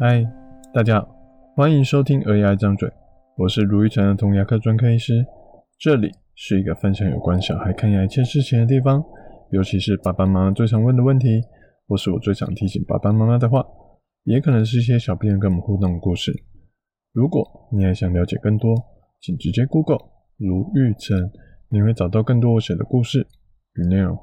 嗨，Hi, 大家好，歡迎收聽《兒牙一張嘴》，我是盧玉成，兒童牙科專科醫師。這裡是一個分享有關小孩看牙一一切事情的地方，尤其是爸爸媽媽最常問的問題，或是我最常提醒爸爸媽媽的話，也可能是一些小朋友跟我們互動的故事。如果你還想了解更多，請直接 Google 盧玉成，你會找到更多我寫的故事與內容。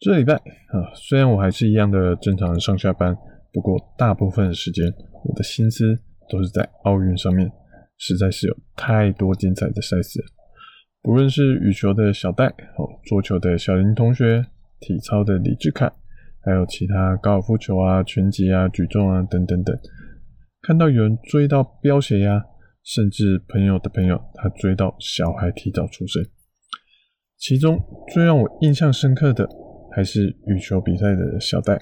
這禮拜啊，雖然我還是一樣的正常的上下班。不過，大部分的時間我的心思都是在奧運上面，實在是有太多精彩的賽事。不論是羽球的小戴，哦，桌球的小林同學，體操的李智凱，還有其他高爾夫球啊、拳擊啊、舉重啊等等等，看到有人追到飆血壓啊，甚至朋友的朋友他追到小孩提早出生。其中最讓我印象深刻的還是羽球比賽的小戴。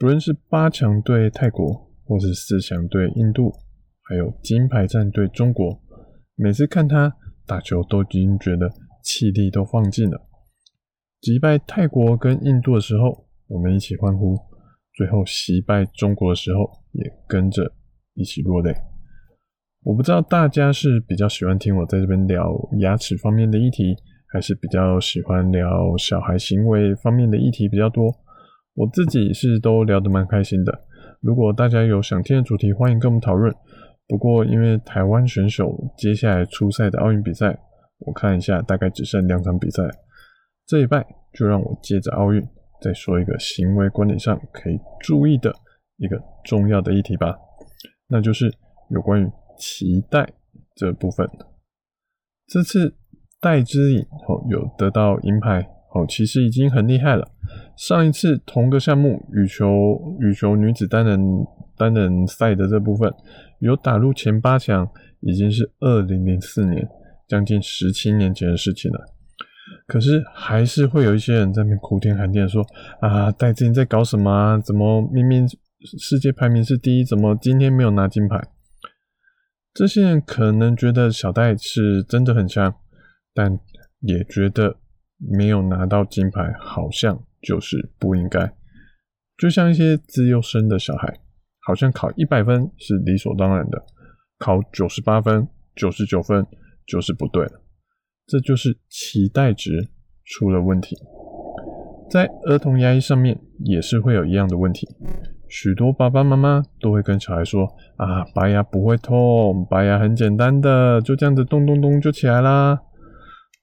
不論是八強對泰國，或是四強對印度，還有金牌戰對中國，每次看他打球都已經覺得氣力都放盡了。擊敗泰國跟印度的時候，我們一起歡呼；最後惜敗中國的時候，也跟着一起落淚。我不知道大家是比較喜歡聽我在這邊聊牙齒方面的議題，還是比較喜歡聊小孩行為方面的議題比較多。我自己是都聊得蠻開心的。如果大家有想聽的主題，歡迎跟我們討論。不過因為台灣選手接下來出賽的奧運比賽，我看一下大概只剩兩場比賽。這一拜就讓我接着奧運再說一個行為觀點上可以注意的一個重要的議題吧，那就是有關於期待這部分。這次戴資穎哦有得到銀牌。哦，其實已經很厲害了。上一次同個項目羽球羽球女子單人單人賽的這部分有打入前八強，已經是二零零四年，將近十七年前的事情了。可是還是會有一些人在那邊哭天喊地說：“啊，戴資穎在搞什麼啊？怎麼明明世界排名是第一，怎麼今天沒有拿金牌？”這些人可能覺得小戴是真的很強，但也覺得。沒有拿到金牌，好像就是不應該。就像一些資優生的小孩，好像考一百分是理所當然的，考九十八分、九十九分就是不對了。這就是期待值出了問題。在兒童牙醫上面也是會有一樣的問題。許多爸爸媽媽都會跟小孩說：“啊，拔牙不會痛，拔牙很簡單的，就這樣子咚咚咚就起來啦。”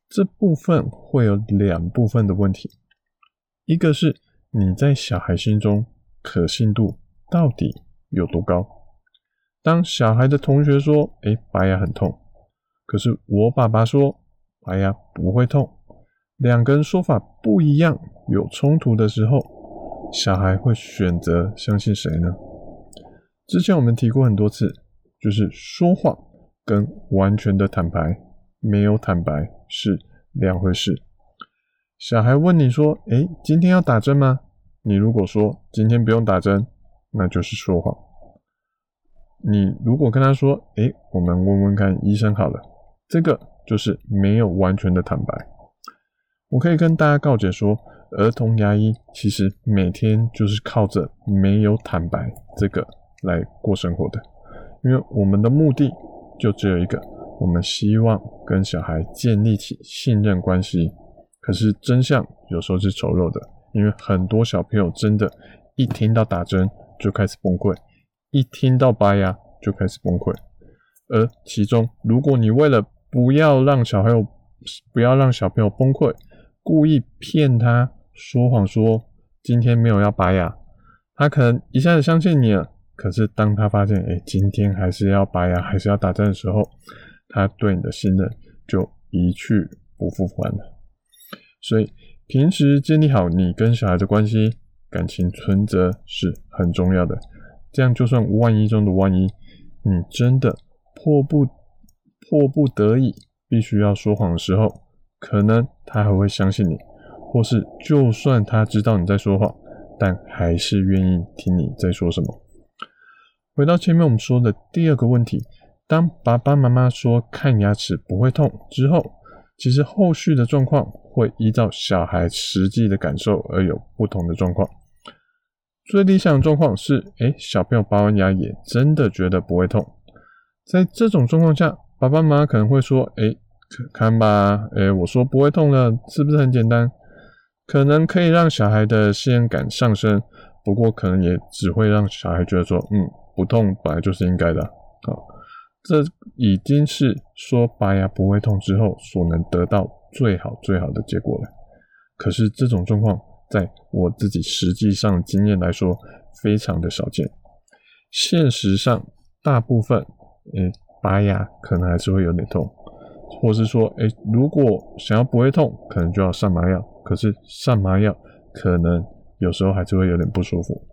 這部分會有兩部分的問題，一個是你在小孩心中可信度到底有多高？當小孩的同學說：“哎，拔牙很痛”，可是我爸爸說：“拔牙不會痛”，兩個人說法不一樣，有衝突的時候，小孩會選擇相信誰呢？之前我們提過很多次，就是說謊跟完全的坦白。沒有坦白是兩回事。小孩問你說：“誒，今天要打針嗎？”你如果說“今天不用打針”，那就是說謊。你如果跟他說：“誒，我們問問看醫生好了。”這個就是沒有完全的坦白。我可以跟大家告解說，兒童牙醫其實每天就是靠着沒有坦白這個來過生活的，因為我們的目的就只有一個。我們希望跟小孩建立起信任關係，可是真相有時候是醜陋的，因為很多小朋友真的，一聽到打針就開始崩潰，一聽到拔牙就開始崩潰。而其中，如果你為了不要讓小朋友不要讓小朋友崩潰，故意騙他說謊，說今天沒有要拔牙，他可能一下子相信你了。可是當他發現，哎，今天還是要拔牙，還是要打針的時候，他對你的信任就一去不復還了。所以平時建立好你跟小孩的關係、感情存摺是很重要的。這樣就算萬一中的萬一，你真的迫不迫不得已必須要說謊的時候，可能他還會相信你，或是就算他知道你在說謊，但還是願意聽你在說什麼。回到前面我們說的第二個問題。當爸爸媽媽說看牙齒不會痛之後，其實後續的狀況會依照小孩實際的感受而有不同的狀況。最理想的狀況是，誒小朋友拔完牙也真的覺得不會痛。在這種狀況下，爸爸媽媽可能會說，誒看吧誒，我說不會痛了，是不是很簡單？可能可以讓小孩的信任感上升，不過可能也只會讓小孩覺得說，嗯，不痛本來就是應該的，好。這已經是說拔牙不會痛之後所能得到最好最好的結果了。可是這種狀況，在我自己實際上經驗來說，非常的少見。現實上，大部分，哎、欸，拔牙可能還是會有點痛，或是說，哎、欸，如果想要不會痛，可能就要上麻藥。可是上麻藥，可能有時候還是會有點不舒服。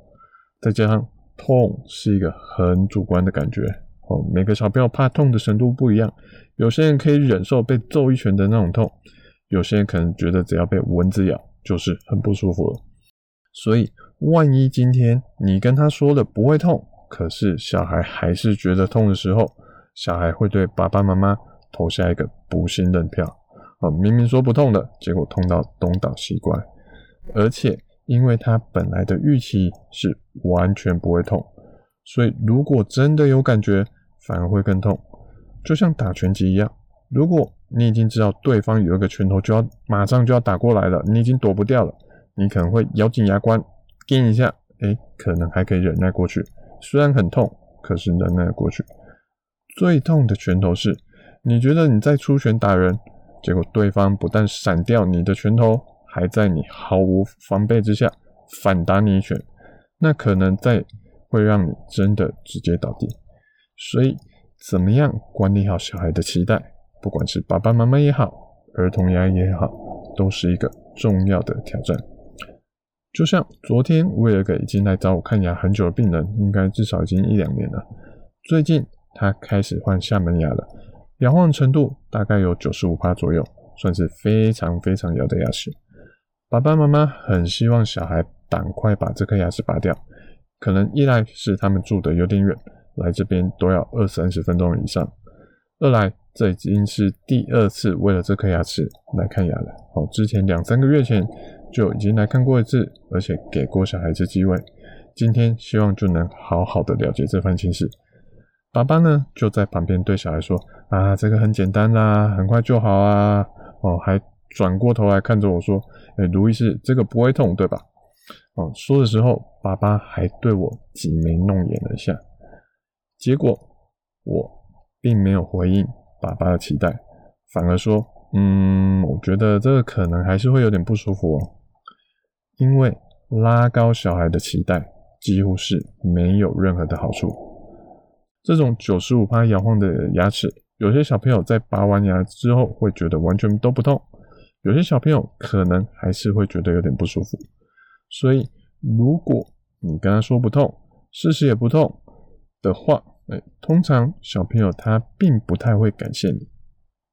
再加上痛是一個很主觀的感覺。哦，每個小朋友怕痛的程度不一樣，有些人可以忍受被揍一拳的那種痛，有些人可能覺得只要被蚊子咬就是很不舒服了。所以，萬一今天你跟他說了不會痛，可是小孩還是覺得痛的時候，小孩會對爸爸媽媽投下一個不信任票。哦，明明說不痛的，結果痛到東倒西歪，而且因為他本來的預期是完全不會痛。所以，如果真的有感覺，反而會更痛，就像打拳擊一樣。如果你已經知道對方有一個拳頭就要馬上就要打過來了，你已經躲不掉了，你可能會咬緊牙關，硬一下，哎、欸，可能還可以忍耐過去。雖然很痛，可是忍耐過去。最痛的拳頭是，你覺得你在出拳打人，結果對方不但閃掉你的拳頭，還在你毫無防備之下反打你一拳，那可能在。會讓你真的直接倒地，所以怎麼樣管理好小孩的期待，不管是爸爸媽媽也好，兒童牙醫也好，都是一個重要的挑戰。就像昨天，威爾給已經來找我看牙很久的病人，應該至少已經一兩年了。最近他開始換下門牙了，搖晃程度大概有九十五趴左右，算是非常非常搖的牙齒。爸爸媽媽很希望小孩趕快把這顆牙齒拔掉。可能一來是他們住的有點遠，來這邊都要二三十分鐘以上；二來這已經是第二次為了這顆牙齒來看牙了，哦，之前兩三個月前就已經來看過一次，而且給過小孩一次機會。今天希望就能好好的了解這番情事。爸爸呢就在旁邊對小孩說：“啊，這個很簡單啦，很快就好啊。”哦，還轉過頭來看着我說：“哎，盧醫師，這個不會痛對吧？”哦、嗯，說的時候，爸爸還對我擠眉弄眼了一下，結果我並沒有回應爸爸的期待，反而說：“嗯，我覺得這個可能還是會有點不舒服哦，因為拉高小孩的期待幾乎是沒有任何的好處。這種九十五趴搖晃的牙齒，有些小朋友在拔完牙之後會覺得完全都不痛，有些小朋友可能還是會覺得有點不舒服。”所以，如果你跟他說不痛，事實也不痛的話，哎，通常小朋友他並不太會感謝你。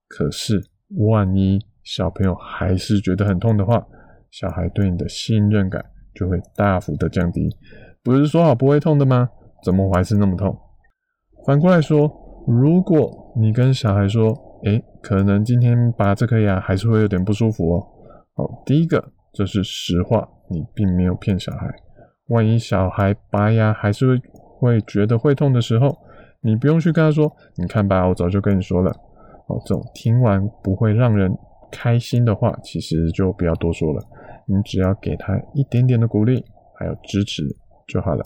可是，萬一小朋友還是覺得很痛的話，小孩對你的信任感就會大幅的降低。不是說好不會痛的嗎？怎麼還是那麼痛？反過來說，如果你跟小孩說，哎，可能今天拔這顆牙還是會有點不舒服哦。好，第一個。這是實話，你並沒有騙小孩。萬一小孩拔牙還是會會覺得會痛的時候，你不用去跟他說，你看吧，我早就跟你說了。哦，這種聽完不會讓人開心的話，其實就不要多說了。你只要給他一點點的鼓勵，還有支持就好了。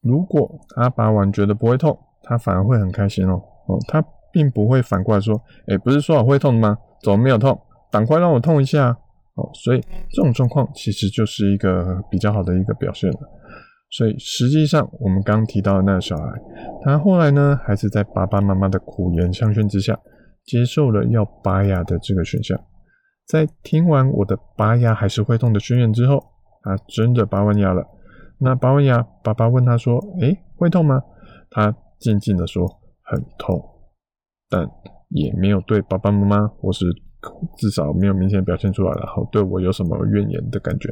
如果他拔完覺得不會痛，他反而會很開心哦。哦，他並不會反過來說，哎、欸，不是說好會痛的嗎？怎麼沒有痛？趕快讓我痛一下。哦，所以這種狀況其實就是一個比較好的一個表現了。所以實際上，我們剛提到的那個小孩，他後來呢，還是在爸爸媽媽的苦言相勸之下，接受了要拔牙的這個選項。在聽完我的拔牙還是會痛的宣言之後，他真的拔完牙了。那拔完牙，爸爸問他說：“誒，會痛嗎？”他靜靜地說：“很痛。”但也沒有對爸爸媽媽或是。至少沒有明顯表現出來，然後對我有什麼怨言的感覺，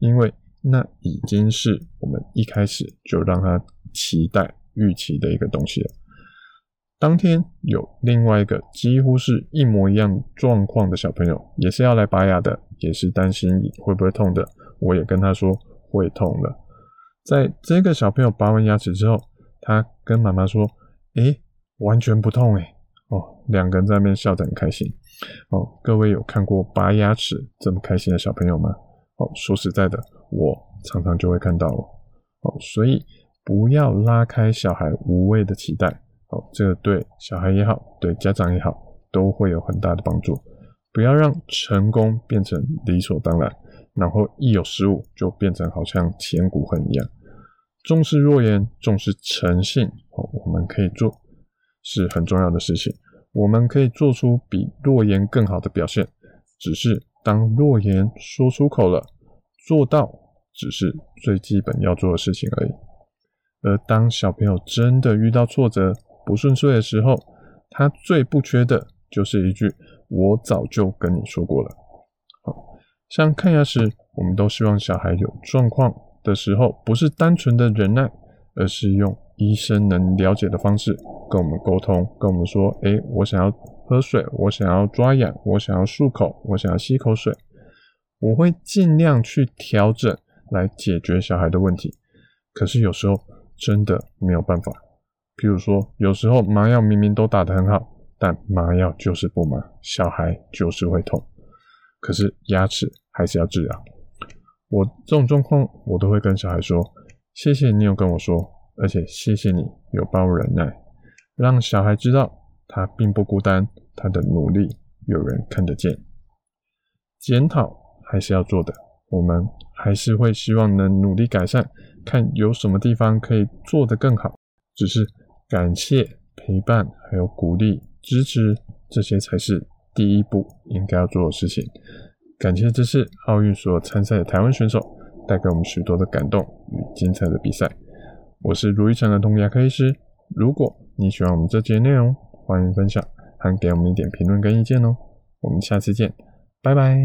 因為那已經是我們一開始就讓他期待、預期的一個東西了。當天有另外一個幾乎是一模一樣狀況的小朋友，也是要來拔牙的，也是擔心會不會痛的。我也跟他說會痛的。在這個小朋友拔完牙齒之後，他跟媽媽說：“誒，完全不痛誒。”哦，兩個人在那邊笑得很開心。哦，各位有看過拔牙齒這麼開心的小朋友嗎？哦，說實在的，我常常就會看到哦，哦，所以不要拉開小孩無謂的期待哦，這個對小孩也好，對家長也好，都會有很大的幫助。不要讓成功變成理所當然，然後一有失誤就變成好像千古恨一樣。重視諾言，重視誠信哦，我們可以做是很重要的事情。我們可以做出比諾言更好的表現，只是當諾言說出口了，做到只是最基本要做的事情而已。而當小朋友真的遇到挫折、不順遂的時候，他最不缺的就是一句“我早就跟你說過了”。好，像看牙齒，我們都希望小孩有狀況的時候，不是單純的忍耐。而是用醫生能了解的方式跟我們溝通，跟我們說：“誒，我想要喝水，我想要抓癢，我想要漱口，我想要吸口水。”我會盡量去調整來解決小孩的問題。可是有時候真的沒有辦法，譬如說，有時候麻藥明明都打得很好，但麻藥就是不麻，小孩就是會痛。可是牙齒還是要治療。我這種狀況，我都會跟小孩說。謝謝你有跟我說，而且謝謝你有包容忍耐。讓小孩知道他並不孤單，他的努力有人看得見。檢討還是要做的，我們還是會希望能努力改善，看有什麼地方可以做得更好。只是感謝陪伴，還有鼓勵支持，這些才是第一步應該要做的事情。感謝這次奧運所參賽的台灣選手，帶給我們許多的感動與精彩的比賽。我是如意城的童牙科醫師。如果你喜歡我們這期內容，歡迎分享，還給我們一點評論跟意見哦。我們下次見，拜拜。